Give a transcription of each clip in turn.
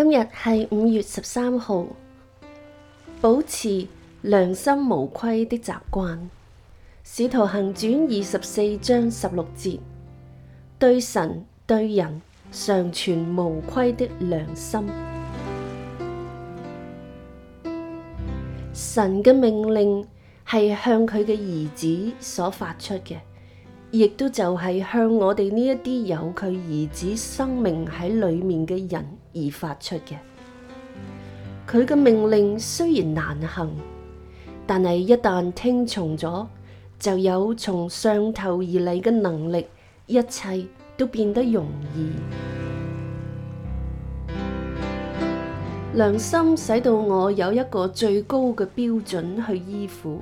今日係五月十三號，保持良心無愧的習慣。使徒行傳二十四章十六節，對神對人常存無愧的良心。神嘅命令係向佢嘅兒子所發出嘅。亦都就係向我哋呢一啲有佢兒子生命喺裏面嘅人而發出嘅。佢嘅命令雖然難行，但係一旦聽從咗，就有從上頭而嚟嘅能力，一切都變得容易。良心使到我有一個最高嘅標準去依附。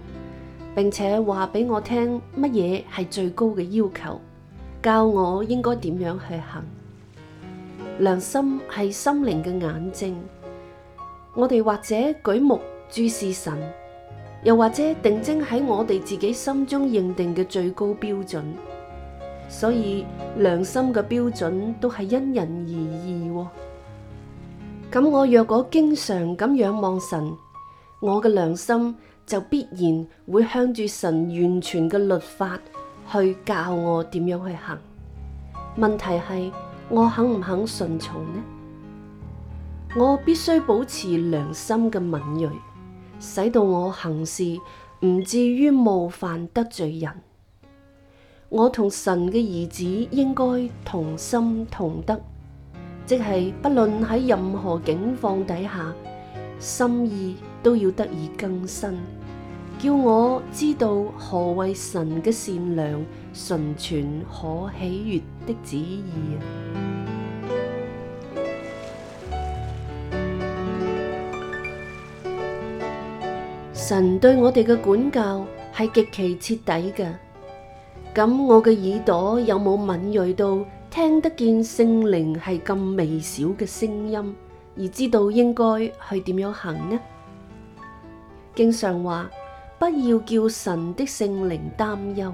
並且話俾我聽乜嘢係最高嘅要求，教我應該點樣去行。良心係心靈嘅眼睛，我哋或者舉目注視神，又或者定睛喺我哋自己心中認定嘅最高標準。所以良心嘅標準都係因人而異喎。咁我若果經常咁仰望神，我嘅良心。就必然會向住神完全嘅律法去教我點樣去行。問題係我肯唔肯順從呢？我必須保持良心嘅敏銳，使到我行事唔至於冒犯得罪人。我同神嘅兒子應該同心同德，即係不論喺任何境況底下，心意。都要得以更新，叫我知道何為神嘅善良、純全、可喜悦的旨意。神對我哋嘅管教係極其徹底嘅。咁我嘅耳朵有冇敏銳到聽得見聖靈係咁微小嘅聲音，而知道應該去點樣行呢？經常話，不要叫神的聖靈擔憂。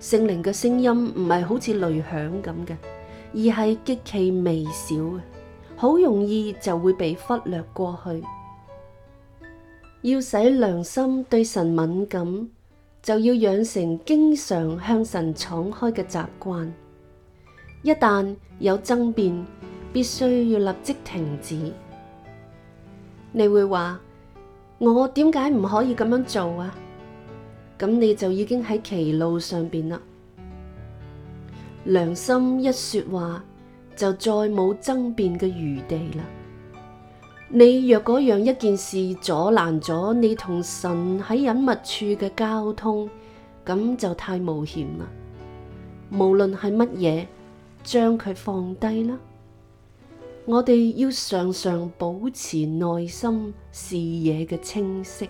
聖靈嘅聲音唔係好似雷響咁嘅，而係極其微小嘅，好容易就會被忽略過去。要使良心對神敏感，就要養成經常向神敞開嘅習慣。一旦有爭辯，必須要立即停止。你會話？我點解唔可以咁樣做啊？咁你就已經喺歧路上邊啦。良心一說話，就再冇爭辯嘅餘地啦。你若果讓一件事阻攔咗你同神喺隱密處嘅交通，咁就太冒險啦。無論係乜嘢，將佢放低啦。我哋要常常保持內心視野嘅清晰。